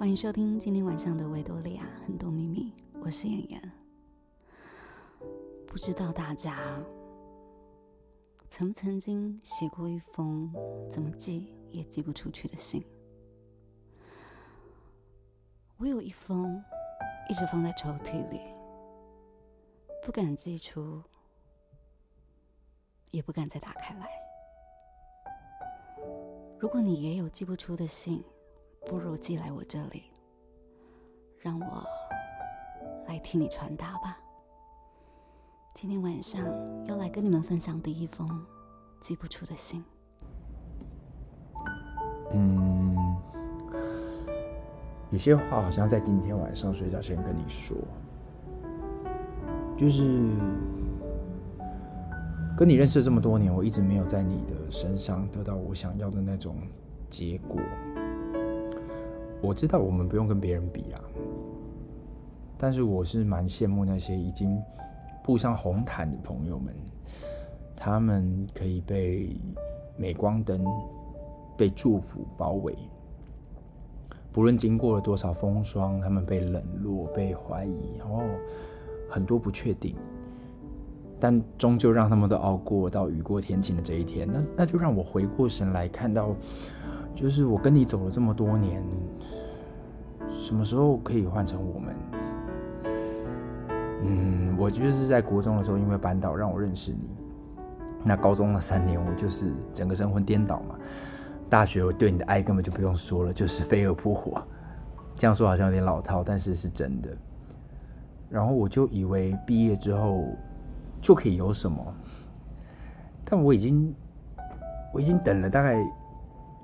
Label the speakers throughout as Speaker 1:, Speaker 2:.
Speaker 1: 歡迎收聽今天晚上的《維多利亞很多祕密》，我是妍妍。不知道大家曾不曾經寫過一封怎麼寄也寄不出去的信？我有一封，一直放在抽屜裡，不敢寄出，也不敢再打開來。如果你也有寄不出的信，不如寄來我這裡，讓我來替你傳達吧。今天晚上要來跟你們分享第一封寄不出的信。嗯，
Speaker 2: 有些話好像在今天晚上睡覺前跟你說，就是跟你認識這麼多年，我一直沒有在你的身上得到我想要的那種結果。我知道我們不用跟別人比啦、啊，但是我是蠻羨慕那些已經步上紅毯的朋友們，他們可以被鎂光燈、被祝福包圍，不論經過了多少風霜，他們被冷落、被懷疑，然、哦、後很多不確定，但終究讓他們都熬過到雨過天晴的這一天。那那就讓我回過神來看到。就是我跟你走了這麼多年，什麼時候可以換成我們？嗯，我就是在國中的時候，因為班導讓我認識你。那高中的三年，我就是整個神魂顛倒嘛。大學我對你的愛根本就不用說了，就是飛蛾撲火。這樣說好像有點老套，但是是真的。然後我就以為畢業之後就可以有什麼，但我已經我已經等了大概。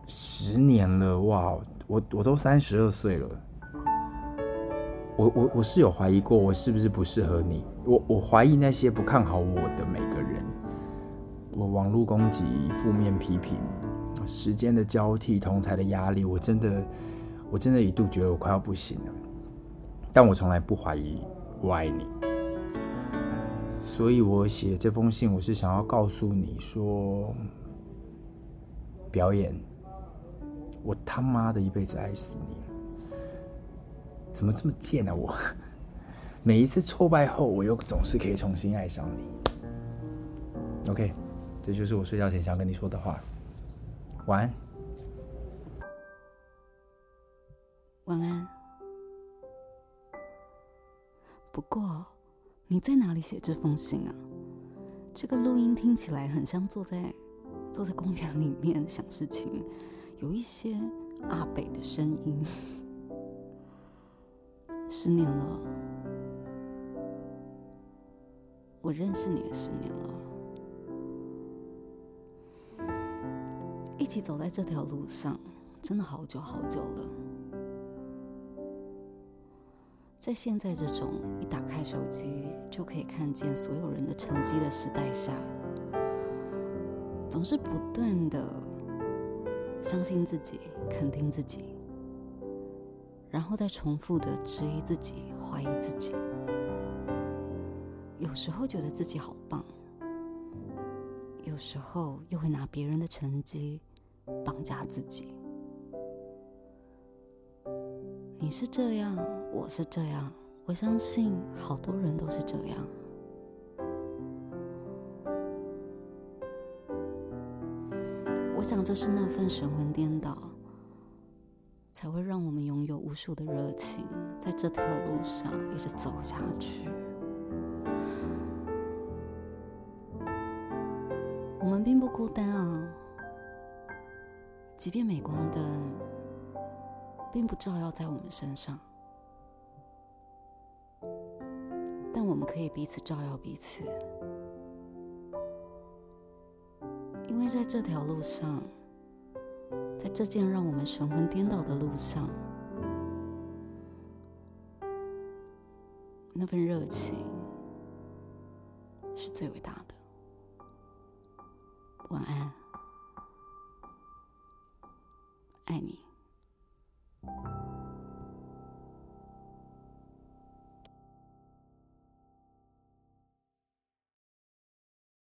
Speaker 2: 十年了，哇！我我都三十二歲了我，我我我是有懷疑過，我是不是不適合你？我？我我懷疑那些不看好我的每個人，我網路攻擊、負面批評、時間的交替、同儕的壓力，我真的，我真的一度覺得我快要不行了。但我從來不懷疑我愛你，所以我寫這封信，我是想要告訴你說，表演。我他媽的一輩子愛死你！怎麼這麼賤啊？我每一次挫敗後，我又總是可以重新愛上你。OK，這就是我睡覺前想跟你說的話。晚安，
Speaker 1: 晚安。不過你在哪裡寫這封信啊？這個錄音聽起來很像坐在坐在公園裡面想事情。有一些阿北的聲音。十年了，我認識你也十年了，一起走在這條路上，真的好久好久了。在現在這種一打開手機就可以看見所有人的成績的時代下，總是不斷的。相信自己，肯定自己，然後再重複地質疑自己、懷疑自己。有時候覺得自己好棒，有時候又會拿別人的成績綁架自己。你是這樣，我是這樣，我相信好多人都是這樣。我想，就是那份神魂顛倒，才會讓我們擁有無數的熱情，在這條路上一直走下去。我們並不孤單啊、哦，即便鎂光燈並不照耀在我們身上，但我們可以彼此照耀彼此。因為在這條路上，在這件讓我們神魂顛倒的路上，那份熱情是最偉大的。晚安，愛你。